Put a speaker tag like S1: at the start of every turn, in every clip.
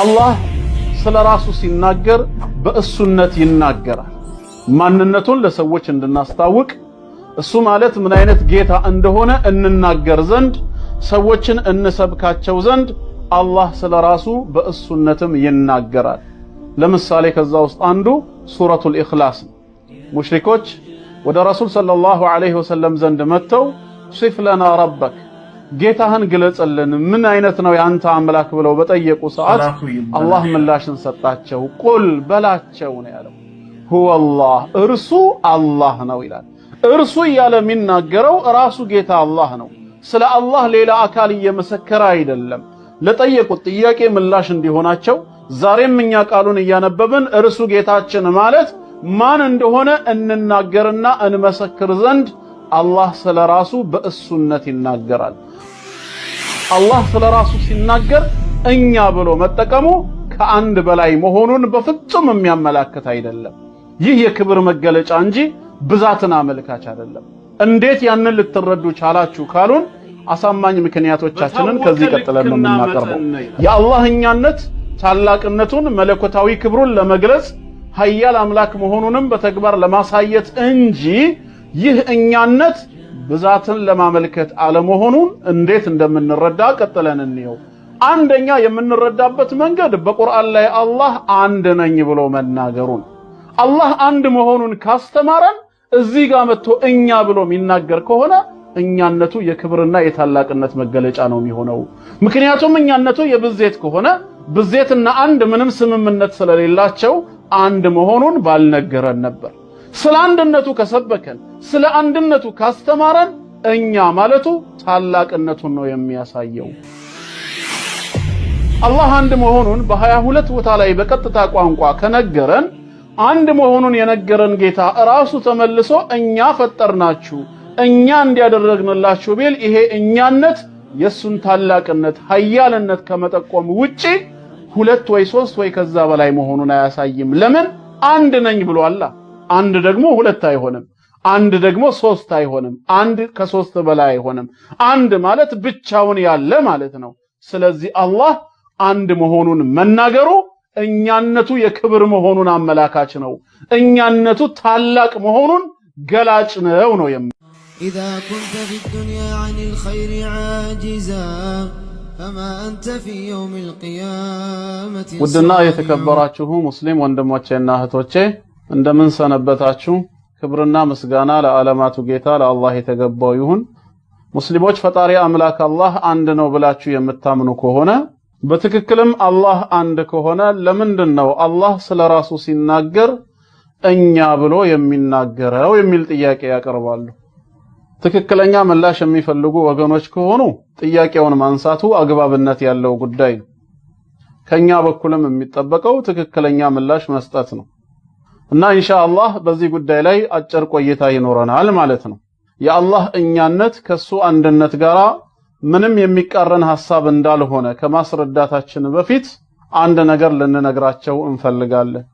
S1: አላህ ስለ ራሱ ሲናገር በእሱነት ይናገራል። ማንነቱን ለሰዎች እንድናስታውቅ እሱ ማለት ምን አይነት ጌታ እንደሆነ እንናገር ዘንድ ሰዎችን እንሰብካቸው ዘንድ አላህ ስለ ራሱ በእሱነትም ይናገራል። ለምሳሌ ከዛ ውስጥ አንዱ ሱረቱል ኢኽላስ ነው። ሙሽሪኮች ወደ ረሱል ሰለላሁ ዐለይሂ ወሰለም ዘንድ መጥተው ሲፍ ለና ረበክ ጌታህን ግለጽልን ምን አይነት ነው የአንተ አምላክ ብለው በጠየቁ ሰዓት አላህ ምላሽን ሰጣቸው። ቁል በላቸው ነው ያለው። ሁወላህ እርሱ አላህ ነው ይላል። እርሱ እያለ የሚናገረው ራሱ ጌታ አላህ ነው። ስለ አላህ ሌላ አካል እየመሰከረ አይደለም። ለጠየቁት ጥያቄ ምላሽ እንዲሆናቸው ዛሬም እኛ ቃሉን እያነበብን እርሱ ጌታችን ማለት ማን እንደሆነ እንናገርና እንመሰክር ዘንድ አላህ ስለ ራሱ በእሱነት ይናገራል። አላህ ስለ ራሱ ሲናገር እኛ ብሎ መጠቀሙ ከአንድ በላይ መሆኑን በፍጹም የሚያመላክት አይደለም። ይህ የክብር መገለጫ እንጂ ብዛትን አመልካች አይደለም። እንዴት ያንን ልትረዱ ቻላችሁ ካሉን አሳማኝ ምክንያቶቻችንን ከዚህ ቀጥለን ነው የምናቀርበው። የአላህኛነት ታላቅነቱን፣ መለኮታዊ ክብሩን ለመግለጽ ሀያል አምላክ መሆኑንም በተግባር ለማሳየት እንጂ ይህ እኛነት ብዛትን ለማመልከት አለመሆኑን እንዴት እንደምንረዳ ቀጥለን እንየው። አንደኛ የምንረዳበት መንገድ በቁርአን ላይ አላህ አንድ ነኝ ብሎ መናገሩን አላህ አንድ መሆኑን ካስተማረን እዚህ ጋር መጥቶ እኛ ብሎ የሚናገር ከሆነ እኛነቱ የክብርና የታላቅነት መገለጫ ነው የሚሆነው። ምክንያቱም እኛነቱ የብዜት ከሆነ ብዜትና አንድ ምንም ስምምነት ስለሌላቸው አንድ መሆኑን ባልነገረን ነበር። ስለ አንድነቱ ከሰበከን ስለ አንድነቱ ካስተማረን እኛ ማለቱ ታላቅነቱን ነው የሚያሳየው። አላህ አንድ መሆኑን በሀያ ሁለት ቦታ ላይ በቀጥታ ቋንቋ ከነገረን አንድ መሆኑን የነገረን ጌታ እራሱ ተመልሶ እኛ ፈጠርናችሁ እኛ እንዲያደረግንላችሁ ቢል ይሄ እኛነት የሱን ታላቅነት ኃያልነት ከመጠቆም ውጪ ሁለት ወይ ሶስት ወይ ከዛ በላይ መሆኑን አያሳይም። ለምን አንድ ነኝ አላህ አንድ ደግሞ ሁለት አይሆንም። አንድ ደግሞ ሶስት አይሆንም። አንድ ከሶስት በላይ አይሆንም። አንድ ማለት ብቻውን ያለ ማለት ነው። ስለዚህ አላህ አንድ መሆኑን መናገሩ እኛነቱ የክብር መሆኑን አመላካች ነው። እኛነቱ ታላቅ መሆኑን ገላጭ ነው ነው የሚ إذا كنت في الدنيا عن الخير عاجزا فما أنت في يوم القيامة ودنا የተከበራችሁ ሙስሊም ወንድሞቼና እህቶቼ እንደምን ሰነበታችሁ። ክብርና ምስጋና ለዓለማቱ ጌታ ለአላህ የተገባው ይሁን። ሙስሊሞች ፈጣሪ አምላክ አላህ አንድ ነው ብላችሁ የምታምኑ ከሆነ በትክክልም አላህ አንድ ከሆነ ለምንድን ነው አላህ ስለ ራሱ ሲናገር እኛ ብሎ የሚናገረው የሚል ጥያቄ ያቀርባሉ። ትክክለኛ ምላሽ የሚፈልጉ ወገኖች ከሆኑ ጥያቄውን ማንሳቱ አግባብነት ያለው ጉዳይ ነው። ከኛ በኩልም የሚጠበቀው ትክክለኛ ምላሽ መስጠት ነው። እና ኢንሻአላህ በዚህ ጉዳይ ላይ አጭር ቆይታ ይኖረናል ማለት ነው። የአላህ እኛነት ከሱ አንድነት ጋር ምንም የሚቃረን ሐሳብ እንዳልሆነ ከማስረዳታችን በፊት አንድ ነገር ልንነግራቸው እንፈልጋለን።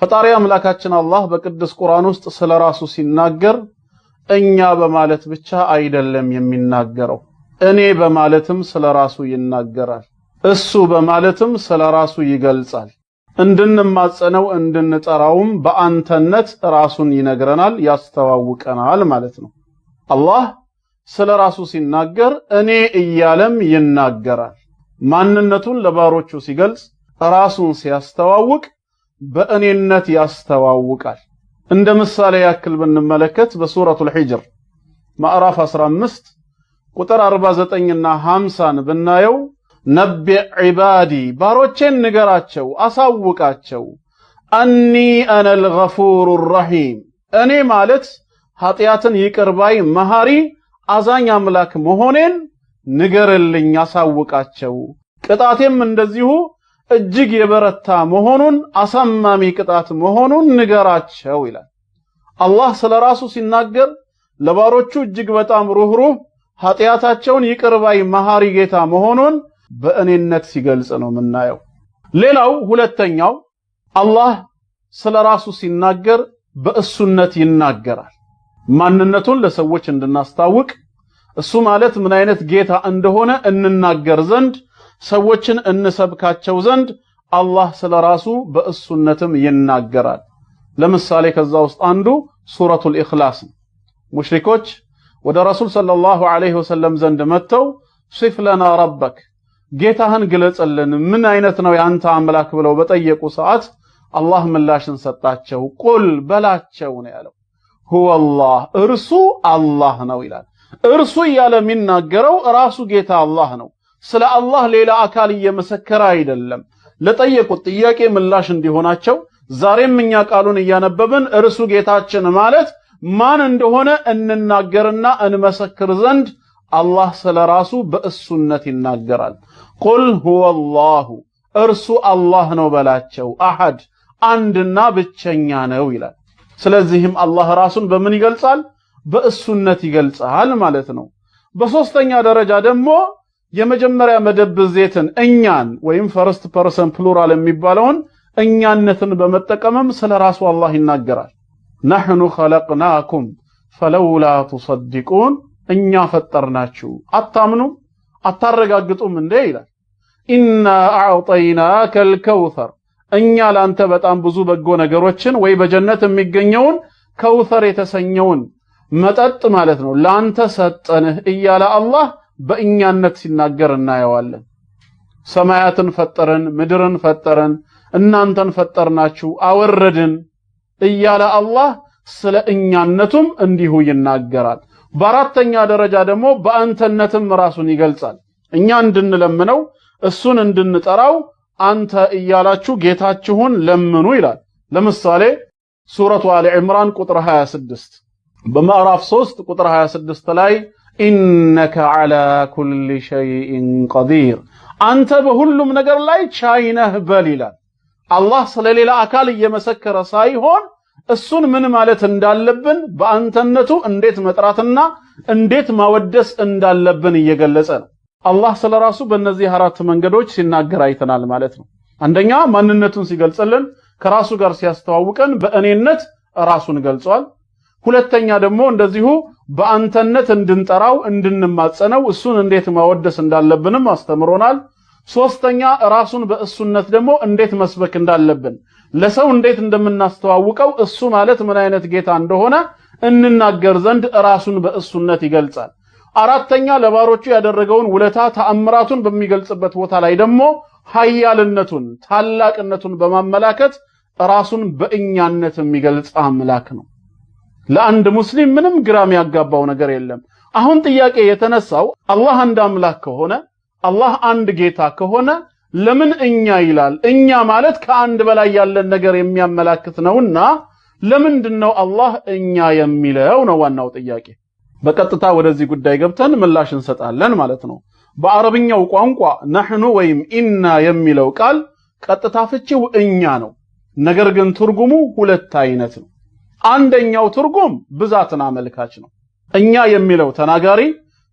S1: ፈጣሪ አምላካችን አላህ በቅዱስ ቁርአን ውስጥ ስለራሱ ሲናገር እኛ በማለት ብቻ አይደለም የሚናገረው፣ እኔ በማለትም ስለራሱ ይናገራል። እሱ በማለትም ስለራሱ ይገልጻል። እንድንማጸነው እንድንጠራውም በአንተነት ራሱን ይነግረናል፣ ያስተዋውቀናል ማለት ነው። አላህ ስለ ራሱ ሲናገር እኔ እያለም ይናገራል። ማንነቱን ለባሮቹ ሲገልጽ ራሱን ሲያስተዋውቅ በእኔነት ያስተዋውቃል። እንደ ምሳሌ ያክል ብንመለከት በሱረቱል ሂጅር ማዕራፍ 15 ቁጥር 49 እና 50ን ብናየው ነቢዕ ዒባዲ ባሮቼን ንገራቸው አሳውቃቸው፣ አኒ አነል ገፉሩ ረሒም እኔ ማለት ኃጢአትን ይቅርባይ መሃሪ አዛኝ አምላክ መሆኔን ንገርልኝ፣ አሳውቃቸው። ቅጣቴም እንደዚሁ እጅግ የበረታ መሆኑን አሳማሚ ቅጣት መሆኑን ንገራቸው ይላል። አላህ ስለ ራሱ ሲናገር ለባሮቹ እጅግ በጣም ሩህሩህ ኃጢአታቸውን ይቅርባይ መሃሪ ጌታ መሆኑን በእኔነት ሲገልጽ ነው የምናየው። ሌላው ሁለተኛው አላህ ስለ ራሱ ሲናገር በእሱነት ይናገራል። ማንነቱን ለሰዎች እንድናስታውቅ እሱ ማለት ምን አይነት ጌታ እንደሆነ እንናገር ዘንድ ሰዎችን እንሰብካቸው ዘንድ አላህ ስለ ራሱ በእሱነትም ይናገራል። ለምሳሌ ከዛ ውስጥ አንዱ ሱረቱል ኢኽላስ ነው። ሙሽሪኮች ወደ ረሱል ሰለላሁ ዐለይሂ ወሰለም ዘንድ መጥተው ሲፍ ለና ረበክ ጌታህን ግለጽልን፣ ምን አይነት ነው የአንተ አምላክ ብለው በጠየቁ ሰዓት አላህ ምላሽን ሰጣቸው። ቁል በላቸው ነው ያለው። ሁወላህ እርሱ አላህ ነው ይላል። እርሱ እያለ የሚናገረው ራሱ ጌታ አላህ ነው። ስለ አላህ ሌላ አካል እየመሰከረ አይደለም። ለጠየቁት ጥያቄ ምላሽ እንዲሆናቸው ዛሬም እኛ ቃሉን እያነበብን እርሱ ጌታችን ማለት ማን እንደሆነ እንናገርና እንመሰክር ዘንድ አላህ ስለ ራሱ በእሱነት ይናገራል። ቁል ሁወላሁ እርሱ አላህ ነው በላቸው፣ አሐድ አንድና ብቸኛ ነው ይላል። ስለዚህም አላህ ራሱን በምን ይገልጻል? በእሱነት ይገልጻል ማለት ነው። በሶስተኛ ደረጃ ደግሞ የመጀመሪያ መደብ ዜትን እኛን ወይም ፈርስት ፐርሰን ፕሉራል የሚባለውን እኛነትን በመጠቀምም ስለ ራሱ አላህ ይናገራል። ነሕኑ ኸለቅናኩም ፈለውላ ቱሰዲቁን እኛ ፈጠርናችሁ አታምኑ አታረጋግጡም እንዴ ይላል። ኢና አዕጠይናከ አልከውሰር እኛ ላንተ በጣም ብዙ በጎ ነገሮችን ወይ በጀነት የሚገኘውን ከውሰር የተሰኘውን መጠጥ ማለት ነው ላንተ ሰጠንህ እያለ አላህ በእኛነት ሲናገር እናየዋለን። ሰማያትን ፈጠርን፣ ምድርን ፈጠርን፣ እናንተን ፈጠርናችሁ፣ አወረድን እያለ አላህ ስለ እኛነቱም እንዲሁ ይናገራል። በአራተኛ ደረጃ ደግሞ በአንተነትም ራሱን ይገልጻል። እኛ እንድንለምነው እሱን እንድንጠራው አንተ እያላችሁ ጌታችሁን ለምኑ ይላል። ለምሳሌ ሱረቱ አሊ ዕምራን ቁጥር 26 በምዕራፍ 3 ቁጥር 26 ላይ ኢነከ ዓላ ኩሊ ሸይኢን ቀዲር አንተ በሁሉም ነገር ላይ ቻይነህ በል ይላል። አላህ ስለሌላ አካል እየመሰከረ ሳይሆን እሱን ምን ማለት እንዳለብን በአንተነቱ እንዴት መጥራትና እንዴት ማወደስ እንዳለብን እየገለጸ ነው። አላህ ስለራሱ በእነዚህ አራት መንገዶች ሲናገር አይተናል ማለት ነው። አንደኛ ማንነቱን ሲገልጽልን ከራሱ ጋር ሲያስተዋውቀን በእኔነት ራሱን ገልጿል። ሁለተኛ ደግሞ እንደዚሁ በአንተነት እንድንጠራው እንድንማጸነው እሱን እንዴት ማወደስ እንዳለብንም አስተምሮናል። ሶስተኛ ራሱን በእሱነት ደግሞ እንዴት መስበክ እንዳለብን ለሰው እንዴት እንደምናስተዋውቀው እሱ ማለት ምን አይነት ጌታ እንደሆነ እንናገር ዘንድ ራሱን በእሱነት ይገልጻል። አራተኛ ለባሮቹ ያደረገውን ውለታ ተአምራቱን በሚገልጽበት ቦታ ላይ ደግሞ ኃያልነቱን ታላቅነቱን በማመላከት ራሱን በእኛነት የሚገልጽ አምላክ ነው። ለአንድ ሙስሊም ምንም ግራም ያጋባው ነገር የለም። አሁን ጥያቄ የተነሳው አላህ አንድ አምላክ ከሆነ አላህ አንድ ጌታ ከሆነ ለምን እኛ ይላል? እኛ ማለት ከአንድ በላይ ያለን ነገር የሚያመላክት ነውና ለምንድን ነው አላህ እኛ የሚለው ነው ዋናው ጥያቄ። በቀጥታ ወደዚህ ጉዳይ ገብተን ምላሽ እንሰጣለን ማለት ነው። በአረብኛው ቋንቋ ነህኑ ወይም ኢና የሚለው ቃል ቀጥታ ፍቺው እኛ ነው። ነገር ግን ትርጉሙ ሁለት አይነት ነው። አንደኛው ትርጉም ብዛትን አመልካች ነው። እኛ የሚለው ተናጋሪ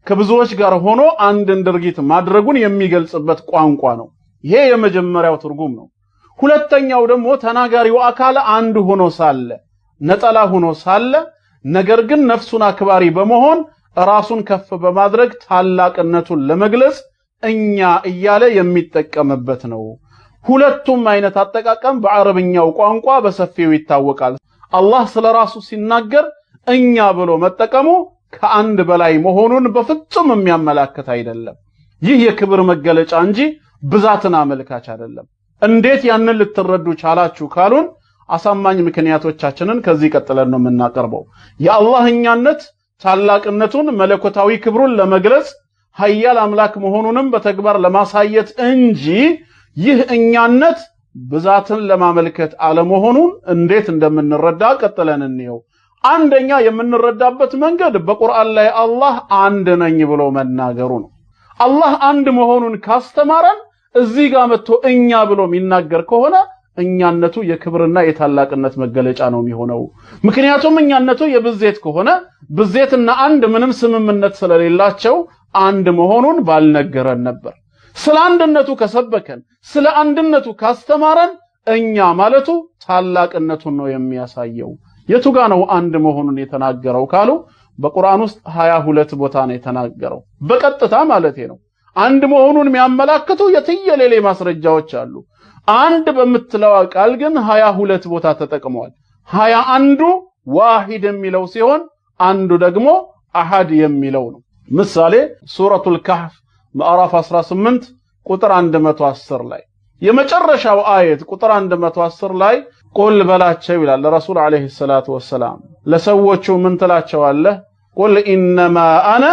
S1: ከብዙዎች ጋር ሆኖ አንድን ድርጊት ማድረጉን የሚገልጽበት ቋንቋ ነው። ይሄ የመጀመሪያው ትርጉም ነው። ሁለተኛው ደግሞ ተናጋሪው አካል አንድ ሆኖ ሳለ ነጠላ ሆኖ ሳለ ነገር ግን ነፍሱን አክባሪ በመሆን ራሱን ከፍ በማድረግ ታላቅነቱን ለመግለጽ እኛ እያለ የሚጠቀምበት ነው። ሁለቱም አይነት አጠቃቀም በአረብኛው ቋንቋ በሰፊው ይታወቃል። አላህ ስለ ራሱ ሲናገር እኛ ብሎ መጠቀሙ ከአንድ በላይ መሆኑን በፍጹም የሚያመላክት አይደለም። ይህ የክብር መገለጫ እንጂ ብዛትን አመልካች አይደለም። እንዴት ያንን ልትረዱ ቻላችሁ ካሉን አሳማኝ ምክንያቶቻችንን ከዚህ ቀጥለን ነው የምናቀርበው። የአላህ ታላቅነቱን፣ መለኮታዊ ክብሩን ለመግለጽ ሀያል አምላክ መሆኑንም በተግባር ለማሳየት እንጂ ይህ እኛነት ብዛትን ለማመልከት አለመሆኑን እንዴት እንደምንረዳ ቀጥለን እንየው። አንደኛ የምንረዳበት መንገድ በቁርአን ላይ አላህ አንድ ነኝ ብሎ መናገሩ ነው። አላህ አንድ መሆኑን ካስተማረን እዚህ ጋር መጥቶ እኛ ብሎ የሚናገር ከሆነ እኛነቱ የክብርና የታላቅነት መገለጫ ነው የሚሆነው። ምክንያቱም እኛነቱ የብዜት ከሆነ ብዜትና አንድ ምንም ስምምነት ስለሌላቸው አንድ መሆኑን ባልነገረን ነበር። ስለ አንድነቱ ከሰበከን፣ ስለ አንድነቱ ካስተማረን እኛ ማለቱ ታላቅነቱን ነው የሚያሳየው። የቱ ጋ ነው አንድ መሆኑን የተናገረው ካሉ በቁርአን ውስጥ ሀያ ሁለት ቦታ ነው የተናገረው። በቀጥታ ማለቴ ነው። አንድ መሆኑን የሚያመላክቱ የትየሌሌ ማስረጃዎች አሉ። አንድ በምትለዋ ቃል ግን ሀያ ሁለት ቦታ ተጠቅመዋል። ሀያ አንዱ ዋሂድ የሚለው ሲሆን አንዱ ደግሞ አሃድ የሚለው ነው። ምሳሌ ሱረቱል ካህፍ ምዕራፍ 18 ቁጥር 110 ላይ የመጨረሻው አየት ቁጥር 110 ላይ ቁል በላቸው ይላል ለረሱል ዓለይሂ ሰላቱ ወሰላም። ለሰዎቹ ምን ትላቸዋለህ? ቁል ኢነማ አነ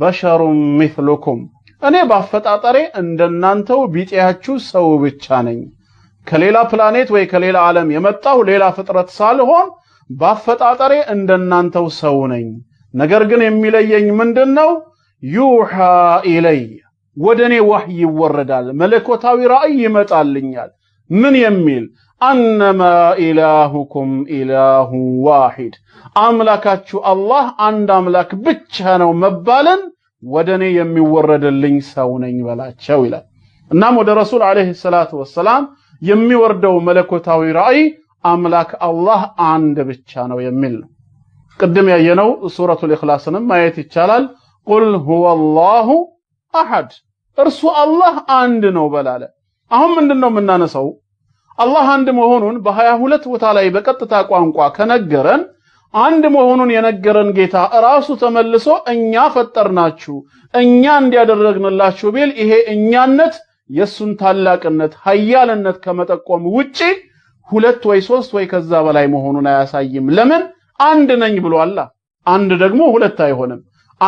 S1: በሸሩን ሚስሉኩም እኔ ባፈጣጠሬ እንደናንተው ቢጤያችሁ ሰው ብቻ ነኝ። ከሌላ ፕላኔት ወይ ከሌላ ዓለም የመጣሁ ሌላ ፍጥረት ሳልሆን ባፈጣጠሬ እንደናንተው ሰው ነኝ። ነገር ግን የሚለየኝ ምንድነው? ዩሃ ኢለይ ወደኔ ወህይ ይወረዳል፣ መለኮታዊ ራእይ ይመጣልኛል። ምን የሚል አነማ ኢላሁኩም ኢላሁ ዋሂድ፣ አምላካችሁ አላህ አንድ አምላክ ብቻ ነው መባልን ወደ እኔ የሚወረድልኝ ሰው ነኝ በላቸው ይላል። እናም ወደ ረሱል ዓለይሂ ሰላቱ ወሰላም የሚወርደው መለኮታዊ ራእይ አምላክ አላህ አንድ ብቻ ነው የሚል ነው። ቅድም ያየነው ሱረቱል ኢኽላስንም ማየት ይቻላል። ቁል ሁወላሁ አሐድ እርሱ አላህ አንድ ነው በላለ። አሁን ምንድነው የምናነሳው? አላህ አንድ መሆኑን በሀያ ሁለት ቦታ ላይ በቀጥታ ቋንቋ ከነገረን አንድ መሆኑን የነገረን ጌታ ራሱ ተመልሶ እኛ ፈጠርናችሁ እኛ እንዲያደረግንላችሁ ቢል ይሄ እኛነት የሱን ታላቅነት ኃያልነት ከመጠቆም ውጪ ሁለት ወይ ሶስት ወይ ከዛ በላይ መሆኑን አያሳይም። ለምን አንድ ነኝ ብሎ አላ አንድ ደግሞ ሁለት አይሆንም።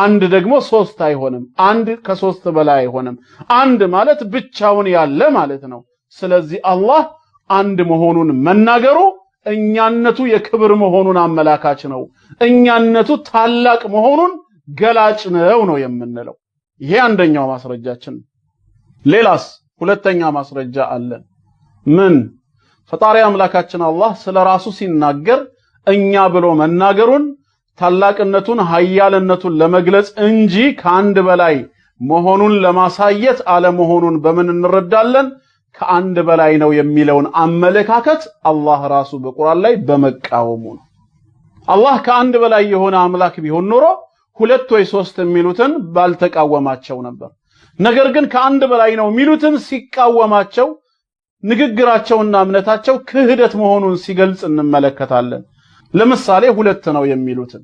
S1: አንድ ደግሞ ሶስት አይሆንም። አንድ ከሶስት በላይ አይሆንም። አንድ ማለት ብቻውን ያለ ማለት ነው። ስለዚህ አላህ አንድ መሆኑን መናገሩ እኛነቱ የክብር መሆኑን አመላካች ነው። እኛነቱ ታላቅ መሆኑን ገላጭ ነው ነው የምንለው። ይሄ አንደኛው ማስረጃችን። ሌላስ ሁለተኛ ማስረጃ አለ። ምን? ፈጣሪ አምላካችን አላህ ስለ ራሱ ሲናገር እኛ ብሎ መናገሩን ታላቅነቱን፣ ኃያልነቱን ለመግለጽ እንጂ ከአንድ በላይ መሆኑን ለማሳየት አለመሆኑን በምን እንረዳለን? ከአንድ በላይ ነው የሚለውን አመለካከት አላህ ራሱ በቁርአን ላይ በመቃወሙ ነው። አላህ ከአንድ በላይ የሆነ አምላክ ቢሆን ኖሮ ሁለት ወይ ሶስት የሚሉትን ባልተቃወማቸው ነበር። ነገር ግን ከአንድ በላይ ነው የሚሉትን ሲቃወማቸው ንግግራቸውና እምነታቸው ክህደት መሆኑን ሲገልጽ እንመለከታለን። ለምሳሌ ሁለት ነው የሚሉትን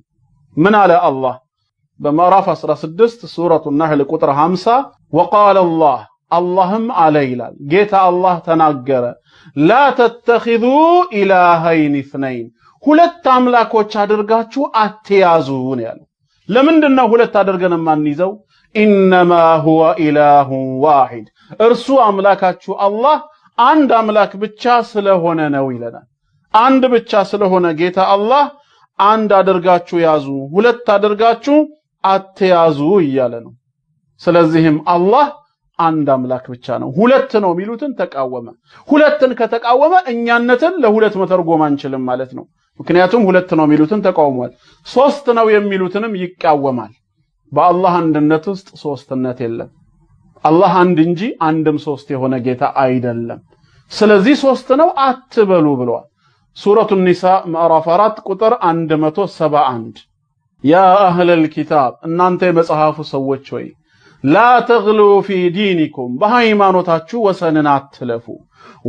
S1: ምን አለ አላህ በምዕራፍ 16 ሱረቱ ነህል ቁጥር 50 ወቃለ አላህ አላህም አለ ይላል ጌታ አላህ ተናገረ፣ ላ ተተኺዙ ኢላሃይን ኢስነይን፣ ሁለት አምላኮች አድርጋችሁ አትያዙ ነው ያለው። ለምንድን ነው ሁለት አድርገን የማንይዘው? ኢነማ ሁወ ኢላሁን ዋሂድ፣ እርሱ አምላካችሁ አላህ አንድ አምላክ ብቻ ስለሆነ ነው ይለናል። አንድ ብቻ ስለሆነ ጌታ አላህ አንድ አድርጋችሁ ያዙ፣ ሁለት አድርጋችሁ አትያዙ እያለ ነው። ስለዚህም አላህ አንድ አምላክ ብቻ ነው፣ ሁለት ነው የሚሉትን ተቃወመ። ሁለትን ከተቃወመ እኛነትን ለሁለት መተርጎም አንችልም ማለት ነው። ምክንያቱም ሁለት ነው የሚሉትን ተቃውሟል። ሶስት ነው የሚሉትንም ይቃወማል። በአላህ አንድነት ውስጥ ሶስትነት የለም። አላህ አንድ እንጂ አንድም ሶስት የሆነ ጌታ አይደለም። ስለዚህ ሶስት ነው አትበሉ ብለዋል። ሱረቱ ኒሳ ምዕራፍ 4 ቁጥር 171 ያ አህለል ኪታብ እናንተ የመጽሐፉ ሰዎች ወይ ላ ተግሉ ፊ ዲኒኩም በሃይማኖታችሁ ወሰንን አትለፉ።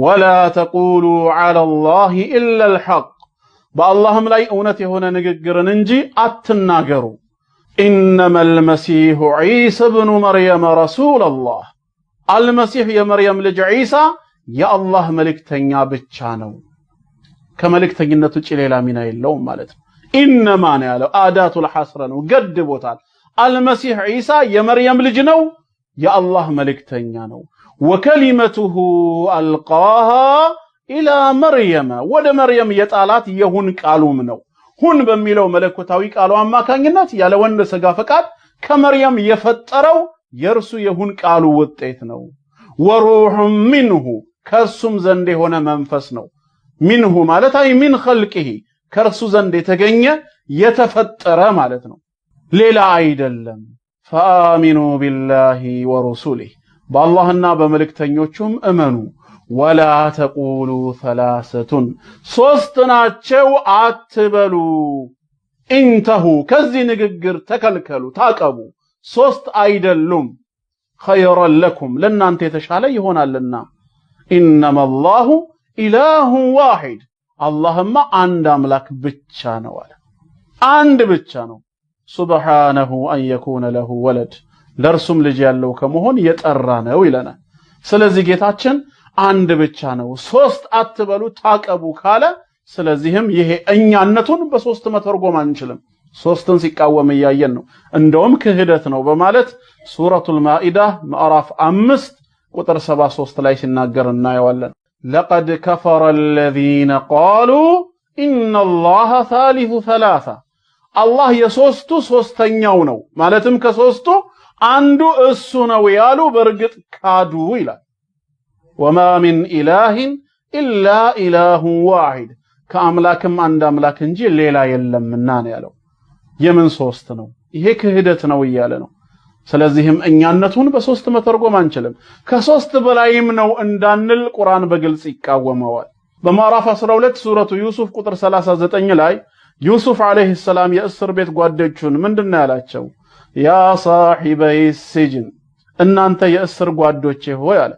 S1: ወላ ተቁሉ ዐላ ላሂ ኢለል ሐቅ በአላህም ላይ እውነት የሆነ ንግግርን እንጂ አትናገሩ። ኢነመል መሲሑ ዒሳ ብኑ መርየም ረሱለላህ አልመሲሕ የመርየም ልጅ ዒሳ የአላህ መልእክተኛ ብቻ ነው። ከመልእክተኝነት ውጭ ሌላ ሚና የለውም ማለት ነው። ኢነማ ነው ያለው አዳቱል ሐስረ ነው ገድቦታል። አልመሲህ ዒሳ የመርየም ልጅ ነው፣ የአላህ መልእክተኛ ነው። ወከሊመቱሁ አልቃሃ ኢላ መርየመ ወደ መርየም የጣላት የሁን ቃሉም ነው። ሁን በሚለው መለኮታዊ ቃሉ አማካኝነት ያለ ወንድ ሥጋ ፈቃድ ከመርየም የፈጠረው የእርሱ የሁን ቃሉ ውጤት ነው። ወሩሑ ሚንሁ ከእርሱም ዘንድ የሆነ መንፈስ ነው። ሚንሁ ማለት አይ ሚን ኸልቅሂ ከእርሱ ዘንድ የተገኘ የተፈጠረ ማለት ነው። ሌላ አይደለም። ፈአሚኑ ቢላሂ ወሩሱሊህ በአላህና በመልእክተኞቹም እመኑ። ወላ ተቁሉ ሰላሰቱን ሶስት ናቸው አትበሉ። ኢንተሁ ከዚህ ንግግር ተከልከሉ፣ ታቀቡ። ሶስት አይደሉም። ኸይረን ለኩም ለእናንተ የተሻለ ይሆናልና። ኢነማ አላሁ ኢላሁ ዋሂድ አላህማ አንድ አምላክ ብቻ ነው አለ። አንድ ብቻ ነው። ሱብሓነሁ አን የኩነ ለሁ ወለድ ለእርሱም ልጅ ያለው ከመሆን የጠራ ነው ይለናል። ስለዚህ ጌታችን አንድ ብቻ ነው፣ ሶስት አትበሉ ታቀቡ ካለ፣ ስለዚህም ይሄ እኛነቱን በሶስት መተርጎም አንችልም። ሶስትን ሲቃወም እያየን ነው። እንደውም ክህደት ነው በማለት ሱረቱል ማኢዳ ምዕራፍ አምስት ቁጥር 73 ላይ ሲናገር እናየዋለን። ለቀድ ከፈረ አለዚነ ቃሉ ኢነላሃ ሳሊሱ ሰላሳ አላህ የሶስቱ ሶስተኛው ነው ማለትም ከሶስቱ አንዱ እሱ ነው ያሉ በእርግጥ ካዱ ይላል። ወማ ሚን ኢላህን ኢላ ኢላሁን ዋሂድ ከአምላክም አንድ አምላክ እንጂ ሌላ የለምና ነው ያለው። የምን ሶስት ነው? ይሄ ክህደት ነው እያለ ነው። ስለዚህም እኛነቱን በሶስት መተርጎም አንችልም። ከሶስት በላይም ነው እንዳንል ቁርአን በግልጽ ይቃወመዋል። በማዕራፍ 12 ሱረቱ ዩሱፍ ቁጥር 39 ላይ ዩሱፍ ዓለይህ ሰላም የእስር ቤት ጓዶቹን ምንድን ያላቸው? ያ ሳሒበይ ሲጅን እናንተ የእስር ጓዶቼ ሆይ አለ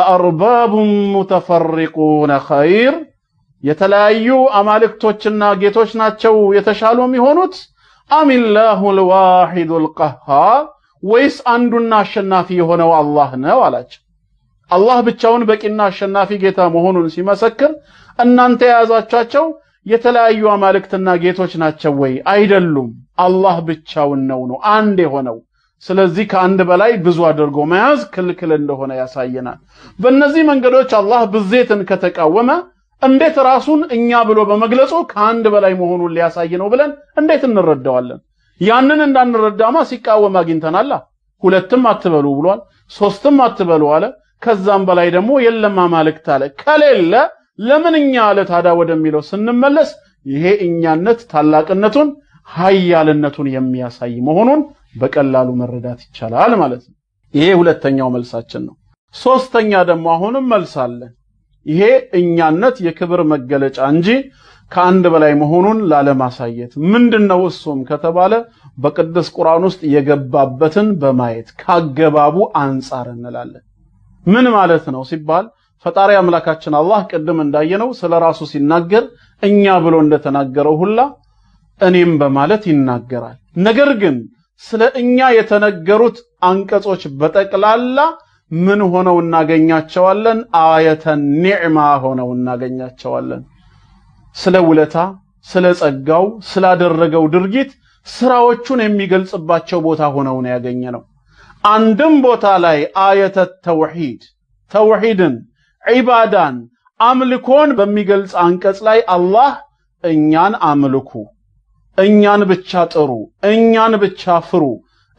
S1: አአርባቡን ሙተፈሪቁነ ኸይር የተለያዩ አማልክቶችና ጌቶች ናቸው የተሻሉ የሚሆኑት አሚላሁ ልዋሒዱ ልቀሃር ወይስ አንዱና አሸናፊ የሆነው አላህ ነው አላቸው። አላህ ብቻውን በቂና አሸናፊ ጌታ መሆኑን ሲመሰክር እናንተ የያዛችኋቸው የተለያዩ አማልክትና ጌቶች ናቸው ወይ? አይደሉም። አላህ ብቻውን ነው ነው አንድ የሆነው። ስለዚህ ከአንድ በላይ ብዙ አድርጎ መያዝ ክልክል እንደሆነ ያሳየናል። በእነዚህ መንገዶች አላህ ብዜትን ከተቃወመ እንዴት ራሱን እኛ ብሎ በመግለጹ ከአንድ በላይ መሆኑን ሊያሳይ ነው ብለን እንዴት እንረዳዋለን? ያንን እንዳንረዳማ ሲቃወም አግኝተናላ። ሁለትም አትበሉ ብሏል፣ ሶስትም አትበሉ አለ። ከዛም በላይ ደግሞ የለም አማልክት አለ። ከሌለ ለምን እኛ አለ ታዲያ ወደሚለው ስንመለስ ይሄ እኛነት ታላቅነቱን ኃያልነቱን የሚያሳይ መሆኑን በቀላሉ መረዳት ይቻላል ማለት ነው። ይሄ ሁለተኛው መልሳችን ነው። ሶስተኛ ደግሞ አሁንም መልስ አለ። ይሄ እኛነት የክብር መገለጫ እንጂ ከአንድ በላይ መሆኑን ላለማሳየት ምንድነው? እሱም ከተባለ በቅዱስ ቁርአን ውስጥ የገባበትን በማየት ካገባቡ አንጻር እንላለን። ምን ማለት ነው ሲባል ፈጣሪ አምላካችን አላህ ቅድም እንዳየነው ስለ ራሱ ሲናገር እኛ ብሎ እንደተናገረው ሁላ እኔም በማለት ይናገራል። ነገር ግን ስለ እኛ የተነገሩት አንቀጾች በጠቅላላ ምን ሆነው እናገኛቸዋለን? አየተ ኒዕማ ሆነው እናገኛቸዋለን። ስለ ውለታ፣ ስለ ጸጋው፣ ስላደረገው ድርጊት ስራዎቹን የሚገልጽባቸው ቦታ ሆነው ነው ያገኘነው። አንድም ቦታ ላይ አየተ ተውሂድ ተውሂድን ዒባዳን አምልኮን በሚገልጽ አንቀጽ ላይ አላህ እኛን አምልኩ፣ እኛን ብቻ ጥሩ፣ እኛን ብቻ ፍሩ፣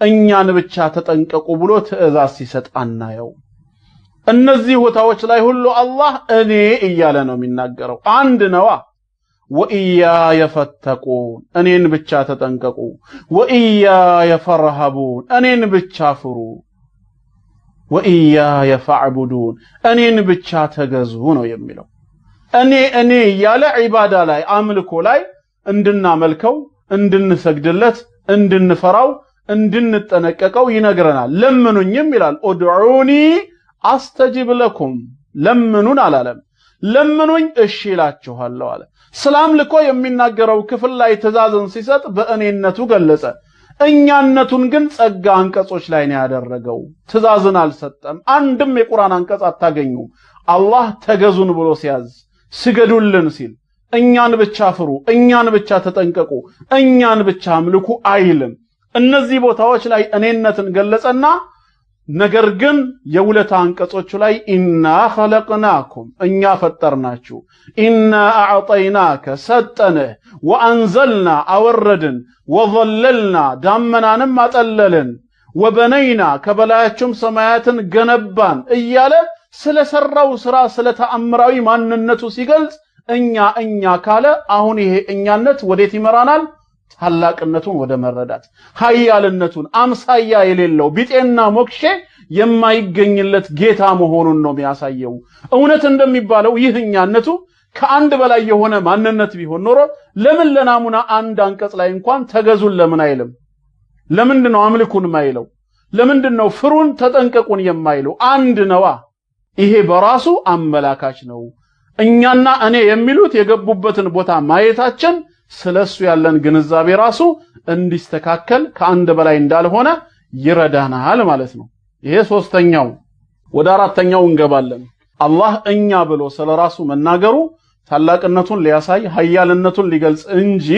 S1: እኛን ብቻ ተጠንቀቁ ብሎ ትዕዛዝ ሲሰጥ አናየው። እነዚህ ቦታዎች ላይ ሁሉ አላህ እኔ እያለ ነው የሚናገረው። አንድ ነዋ። ወኢያየ ፈተቁን እኔን ብቻ ተጠንቀቁ፣ ወኢያየ ፈርሀቡን እኔን ብቻ ፍሩ። ወኢያየ ፈዕቡዱን እኔን ብቻ ተገዙ ነው የሚለው። እኔ እኔ እያለ ዒባዳ ላይ አምልኮ ላይ እንድናመልከው፣ እንድንሰግድለት፣ እንድንፈራው፣ እንድንጠነቀቀው ይነግረናል። ለምኑኝም ይላል። ኡድዑኒ አስተጅብ ለኩም ለምኑን አላለም። ለምኑኝ እሺ ይላችኋለሁ አለ። ስለ አምልኮ የሚናገረው ክፍል ላይ ትእዛዝን ሲሰጥ በእኔነቱ ገለጸ። እኛነቱን ግን ጸጋ አንቀጾች ላይ ነው ያደረገው። ትእዛዝን አልሰጠም። አንድም የቁርአን አንቀጽ አታገኙም። አላህ ተገዙን ብሎ ሲያዝ፣ ስገዱልን ሲል እኛን ብቻ ፍሩ፣ እኛን ብቻ ተጠንቀቁ፣ እኛን ብቻ አምልኩ አይልም። እነዚህ ቦታዎች ላይ እኔነትን ገለጸና ነገር ግን የውለታ አንቀጾቹ ላይ ኢና ኸለቅናኩም እኛ ፈጠርናችሁ፣ ኢና አዕጠይናከ ሰጠንህ ወአንዘልና አወረድን፣ ወዘለልና ዳመናንም አጠለልን፣ ወበነይና ከበላያቸውም ሰማያትን ገነባን እያለ ስለ ሠራው ሥራ ስለ ተአምራዊ ማንነቱ ሲገልጽ እኛ እኛ ካለ አሁን ይሄ እኛነት ወዴት ይመራናል? ታላቅነቱን ወደ መረዳት ኃያልነቱን አምሳያ የሌለው ቢጤና ሞክሼ የማይገኝለት ጌታ መሆኑን ነው የሚያሳየው። እውነት እንደሚባለው ይህ እኛነቱ ከአንድ በላይ የሆነ ማንነት ቢሆን ኖሮ ለምን ለናሙና አንድ አንቀጽ ላይ እንኳን ተገዙን ለምን አይልም? ለምንድን ነው አምልኩን የማይለው? ለምንድን ነው ፍሩን ተጠንቀቁን የማይለው? አንድ ነዋ። ይሄ በራሱ አመላካች ነው። እኛና እኔ የሚሉት የገቡበትን ቦታ ማየታችን ስለሱ ያለን ግንዛቤ ራሱ እንዲስተካከል ከአንድ በላይ እንዳልሆነ ይረዳናል ማለት ነው። ይሄ ሶስተኛው። ወደ አራተኛው እንገባለን። አላህ እኛ ብሎ ስለራሱ መናገሩ ታላቅነቱን ሊያሳይ ኃያልነቱን ሊገልጽ እንጂ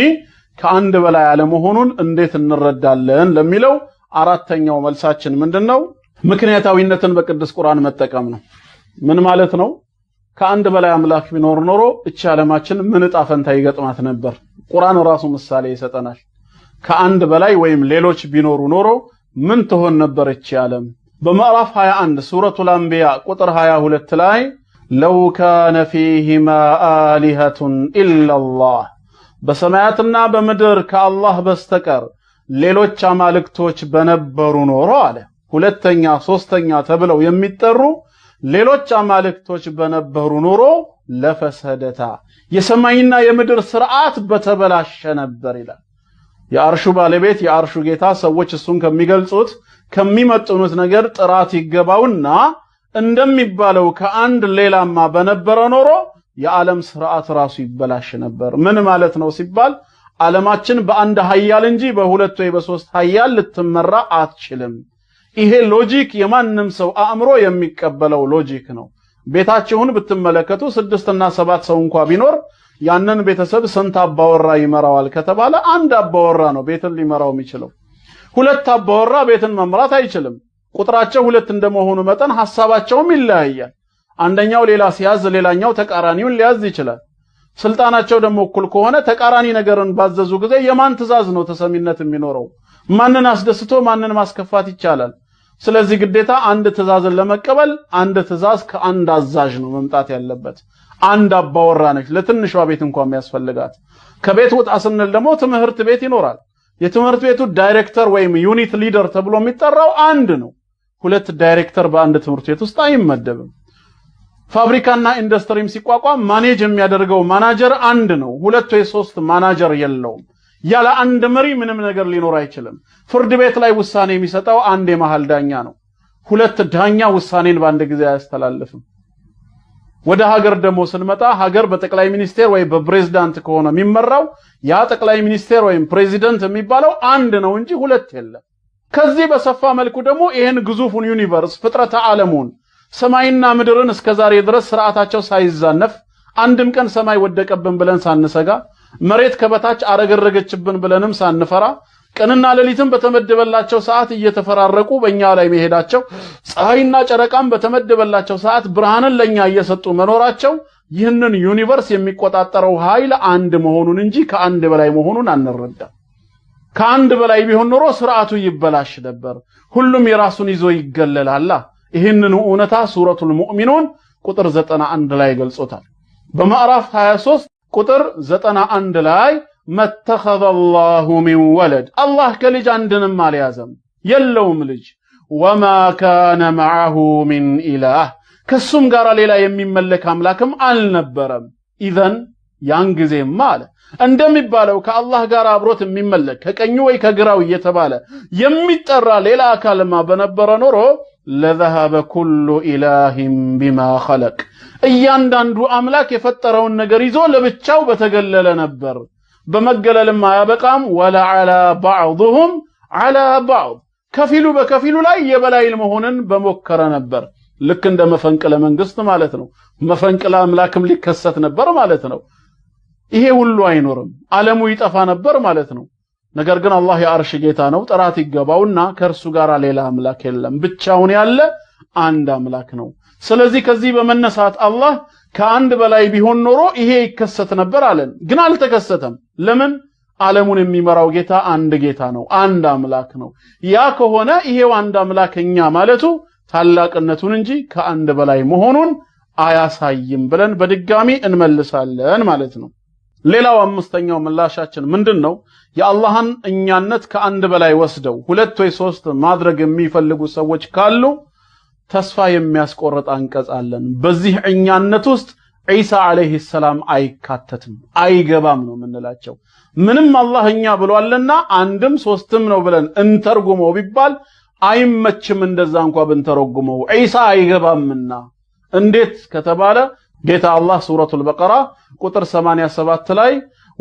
S1: ከአንድ በላይ አለመሆኑን እንዴት እንረዳለን ለሚለው አራተኛው መልሳችን ምንድን ነው? ምክንያታዊነትን በቅዱስ ቁርአን መጠቀም ነው። ምን ማለት ነው? ከአንድ በላይ አምላክ ቢኖር ኖሮ እቺ ዓለማችን ምን ዕጣ ፈንታ ይገጥማት ነበር? ቁርአን ራሱ ምሳሌ ይሰጠናል። ከአንድ በላይ ወይም ሌሎች ቢኖሩ ኖሮ ምን ትሆን ነበር እቺ ዓለም? በምዕራፍ 21 ሱረቱል አንቢያ ቁጥር 22 ላይ ለው ካነ ፊህማ አሊሀቱን ኢላላህ በሰማያትና በምድር ከአላህ በስተቀር ሌሎች አማልክቶች በነበሩ ኖሮ አለ። ሁለተኛ ሶስተኛ ተብለው የሚጠሩ ሌሎች አማልክቶች በነበሩ ኖሮ ለፈሰደታ የሰማይና የምድር ስርዓት በተበላሸ ነበር ይላል። የአርሹ ባለቤት የአርሹ ጌታ ሰዎች እሱን ከሚገልጹት ከሚመጥኑት ነገር ጥራት ይገባውና እንደሚባለው ከአንድ ሌላማ በነበረ ኖሮ የዓለም ስርዓት ራሱ ይበላሽ ነበር። ምን ማለት ነው ሲባል ዓለማችን በአንድ ሀያል እንጂ በሁለት ወይ በሶስት ሀያል ልትመራ አትችልም። ይሄ ሎጂክ የማንም ሰው አእምሮ የሚቀበለው ሎጂክ ነው። ቤታችሁን ብትመለከቱ ስድስትና ሰባት ሰው እንኳ ቢኖር ያንን ቤተሰብ ስንት አባወራ ይመራዋል ከተባለ አንድ አባወራ ነው ቤትን ሊመራው የሚችለው። ሁለት አባወራ ቤትን መምራት አይችልም። ቁጥራቸው ሁለት እንደመሆኑ መጠን ሐሳባቸውም ይለያያል። አንደኛው ሌላ ሲያዝ፣ ሌላኛው ተቃራኒውን ሊያዝ ይችላል። ስልጣናቸው ደግሞ እኩል ከሆነ ተቃራኒ ነገርን ባዘዙ ጊዜ የማን ትዕዛዝ ነው ተሰሚነት የሚኖረው? ማንን አስደስቶ ማንን ማስከፋት ይቻላል? ስለዚህ ግዴታ አንድ ትዕዛዝን ለመቀበል አንድ ትዕዛዝ ከአንድ አዛዥ ነው መምጣት ያለበት። አንድ አባወራ ነች ለትንሿ ቤት እንኳን የሚያስፈልጋት። ከቤት ውጣ ስንል ደግሞ ትምህርት ቤት ይኖራል። የትምህርት ቤቱ ዳይሬክተር ወይም ዩኒት ሊደር ተብሎ የሚጠራው አንድ ነው። ሁለት ዳይሬክተር በአንድ ትምህርት ቤት ውስጥ አይመደብም። ፋብሪካና ኢንዱስትሪም ሲቋቋም ማኔጅ የሚያደርገው ማናጀር አንድ ነው። ሁለት ወይ ሶስት ማናጀር የለውም። ያለ አንድ መሪ ምንም ነገር ሊኖር አይችልም። ፍርድ ቤት ላይ ውሳኔ የሚሰጠው አንድ የመሃል ዳኛ ነው። ሁለት ዳኛ ውሳኔን በአንድ ጊዜ አያስተላልፍም። ወደ ሀገር ደግሞ ስንመጣ ሀገር በጠቅላይ ሚኒስቴር ወይም በፕሬዝዳንት ከሆነ የሚመራው ያ ጠቅላይ ሚኒስቴር ወይም ፕሬዚደንት የሚባለው አንድ ነው እንጂ ሁለት የለም። ከዚህ በሰፋ መልኩ ደግሞ ይህን ግዙፉን ዩኒቨርስ ፍጥረተ ዓለሙን ሰማይና ምድርን እስከ ዛሬ ድረስ ስርዓታቸው ሳይዛነፍ አንድም ቀን ሰማይ ወደቀብን ብለን ሳንሰጋ መሬት ከበታች አረገረገችብን ብለንም ሳንፈራ ቀንና ሌሊትም በተመደበላቸው ሰዓት እየተፈራረቁ በእኛ ላይ መሄዳቸው ፀሐይና ጨረቃም በተመደበላቸው ሰዓት ብርሃንን ለኛ እየሰጡ መኖራቸው ይህንን ዩኒቨርስ የሚቆጣጠረው ኃይል አንድ መሆኑን እንጂ ከአንድ በላይ መሆኑን አንረዳም። كان دبلا يبيه النور سرعته يبلاش دبر كلهم يراسون يزو يقلل الله إهن نؤونتا سورة المؤمنون كتر زتنا عند لا يقل صوتان بما أعرف هاي سوس كتر زتنا عند لا ما اتخذ الله من ولد الله كلج عندنا ما ليازم يلو ملج وما كان معه من إله كسم قارا ليلا يمين ملك أملاكم أل نبرم ያን ጊዜማ አለ እንደሚባለው ከአላህ ጋር አብሮት የሚመለክ ከቀኙ ወይ ከግራው እየተባለ የሚጠራ ሌላ አካልማ በነበረ ኖሮ ለዘሃበ ኩሉ ኢላሂን ቢማ ኸለቅ፣ እያንዳንዱ አምላክ የፈጠረውን ነገር ይዞ ለብቻው በተገለለ ነበር። በመገለልም አያበቃም። ወለዐላ ባዕዱሁም ዐላ ባዕድ፣ ከፊሉ በከፊሉ ላይ የበላይ መሆንን በሞከረ ነበር። ልክ እንደ መፈንቅለ መንግስት ማለት ነው። መፈንቅለ አምላክም ሊከሰት ነበር ማለት ነው። ይሄ ሁሉ አይኖርም፣ ዓለሙ ይጠፋ ነበር ማለት ነው። ነገር ግን አላህ የአርሽ ጌታ ነው፣ ጥራት ይገባውና ከእርሱ ጋር ሌላ አምላክ የለም፣ ብቻውን ያለ አንድ አምላክ ነው። ስለዚህ ከዚህ በመነሳት አላህ ከአንድ በላይ ቢሆን ኖሮ ይሄ ይከሰት ነበር አለን። ግን አልተከሰተም። ለምን? ዓለሙን የሚመራው ጌታ አንድ ጌታ ነው፣ አንድ አምላክ ነው። ያ ከሆነ ይሄው አንድ አምላክ እኛ ማለቱ ታላቅነቱን እንጂ ከአንድ በላይ መሆኑን አያሳይም ብለን በድጋሚ እንመልሳለን ማለት ነው። ሌላው አምስተኛው ምላሻችን ምንድን ነው? የአላህን እኛነት ከአንድ በላይ ወስደው ሁለት ወይ ሶስት ማድረግ የሚፈልጉ ሰዎች ካሉ ተስፋ የሚያስቆርጥ አንቀጽ አለን። በዚህ እኛነት ውስጥ ዒሳ ዓለይሂ ሰላም አይካተትም፣ አይገባም ነው የምንላቸው። ምንም አላህ እኛ ብሏልና አንድም ሶስትም ነው ብለን እንተርጉመው ቢባል አይመችም። እንደዛ እንኳ ብንተረጉመው ዒሳ አይገባምና እንዴት ከተባለ ጌታ አላህ ሱረቱል በቀራ ቁጥር 87 ላይ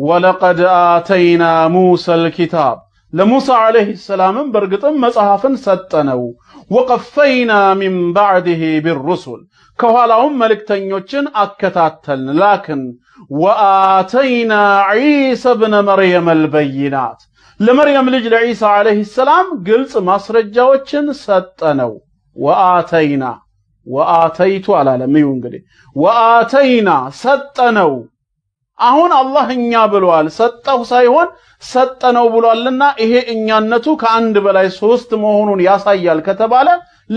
S1: ወለቀድ አተይና ሙሰል ኪታብ ለሙሳ ዓለይሂ ሰላምም በእርግጥም መጽሐፍን ሰጠነው። ወቀፈይና ሚን ባዕድህ ቢሩሱል ከኋላውም መልእክተኞችን አከታተልን ላክን። ወአተይና ዒሳ ብነ መርየም አልበይናት ለመርየም ልጅ ለዒሳ ዓለይሂ ሰላም ግልጽ ማስረጃዎችን ሰጠነው። ወአተይና ወአተይቱ አላለም። እዩ እንግዲህ ወአተይና ሰጠነው። አሁን አላህ እኛ ብሏል፣ ሰጠሁ ሳይሆን ሰጠነው ብሏልና ይሄ እኛነቱ ከአንድ በላይ ሶስት መሆኑን ያሳያል ከተባለ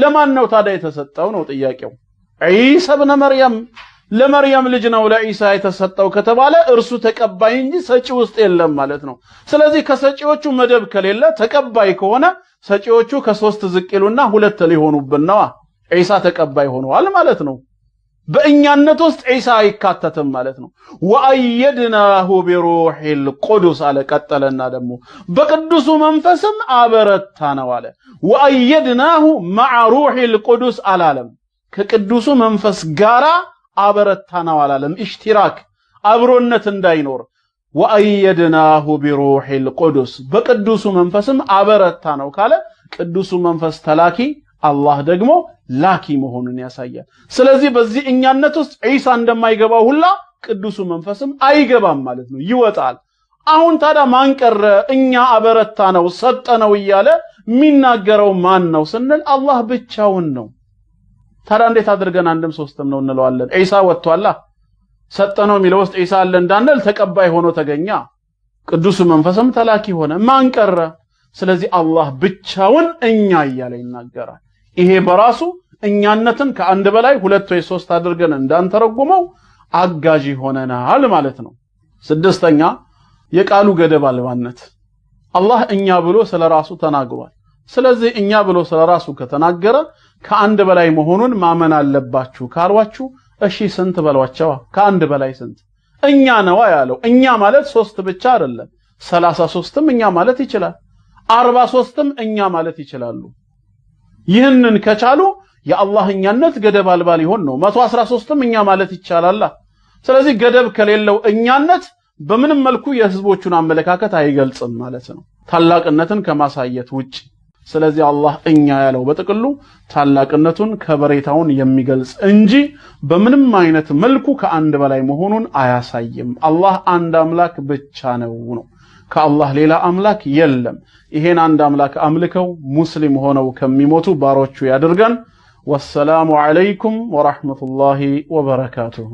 S1: ለማን ነው ታዲያ የተሰጠው ነው ጥያቄው። ዒሳ ብነ መርየም ለመርየም ልጅ ነው ለዒሳ የተሰጠው ከተባለ እርሱ ተቀባይ እንጂ ሰጪ ውስጥ የለም ማለት ነው። ስለዚህ ከሰጪዎቹ መደብ ከሌለ ተቀባይ ከሆነ ሰጪዎቹ ከሶስት ዝቅ ይሉና ሁለት ሊሆኑብን ነዋ። ዒሳ ተቀባይ ሆነዋል ማለት ነው። በእኛነት ውስጥ ዒሳ አይካተትም ማለት ነው። ወአየድናሁ ቢሩሒል ቁዱስ አለ። ቀጠለና ደግሞ በቅዱሱ መንፈስም አበረታ ነው አለ። ወአየድናሁ መዓ ሩሒል ቁዱስ አላለም። ከቅዱሱ መንፈስ ጋራ አበረታ ነው አላለም። ኢሽቲራክ አብሮነት እንዳይኖር ወአየድናሁ ቢሩሒል ቁዱስ በቅዱሱ መንፈስም አበረታ ነው ካለ ቅዱሱ መንፈስ ተላኪ አላህ ደግሞ ላኪ መሆኑን ያሳያል። ስለዚህ በዚህ እኛነት ውስጥ ዒሳ እንደማይገባው ሁላ ቅዱሱ መንፈስም አይገባም ማለት ነው፣ ይወጣል። አሁን ታዲያ ማንቀረ እኛ አበረታ ነው ሰጠ ነው እያለ የሚናገረው ማን ነው ስንል አላህ ብቻውን ነው። ታዲያ እንዴት አድርገን አንድም ሶስትም ነው እንለዋለን? ዒሳ ወጥቷላ። ሰጠ ነው የሚለው ውስጥ ዒሳ አለ እንዳንል ተቀባይ ሆኖ ተገኛ። ቅዱሱ መንፈስም ተላኪ ሆነ። ማንቀረ ስለዚህ አላህ ብቻውን እኛ እያለ ይናገራል። ይሄ በራሱ እኛነትን ከአንድ በላይ ሁለት ወይ ሶስት አድርገን እንዳንተረጉመው አጋዥ ሆነናል ማለት ነው። ስድስተኛ የቃሉ ገደብ አልባነት። አላህ እኛ ብሎ ስለ ራሱ ተናግሯል። ስለዚህ እኛ ብሎ ስለ ራሱ ከተናገረ ከአንድ በላይ መሆኑን ማመን አለባችሁ ካልዋችሁ፣ እሺ ስንት በሏቸዋ። ከአንድ በላይ ስንት? እኛ ነዋ ያለው። እኛ ማለት ሶስት ብቻ አይደለም። ሰላሳ ሶስትም እኛ ማለት ይችላል። አርባ ሶስትም እኛ ማለት ይችላሉ። ይህንን ከቻሉ የአላህኛነት ገደብ አልባ ሊሆን ነው። መቶ አስራ ሦስትም እኛ ማለት ይቻላላ። ስለዚህ ገደብ ከሌለው እኛነት በምንም መልኩ የህዝቦቹን አመለካከት አይገልጽም ማለት ነው፣ ታላቅነትን ከማሳየት ውጭ። ስለዚህ አላህ እኛ ያለው በጥቅሉ ታላቅነቱን ከበሬታውን የሚገልጽ እንጂ በምንም አይነት መልኩ ከአንድ በላይ መሆኑን አያሳይም። አላህ አንድ አምላክ ብቻ ነው ነው ከአላህ ሌላ አምላክ የለም። ይሄን አንድ አምላክ አምልከው ሙስሊም ሆነው ከሚሞቱ ባሮቹ ያድርገን። ወሰላሙ ዐለይኩም ወራህመቱላሂ ወበረካቱሁ።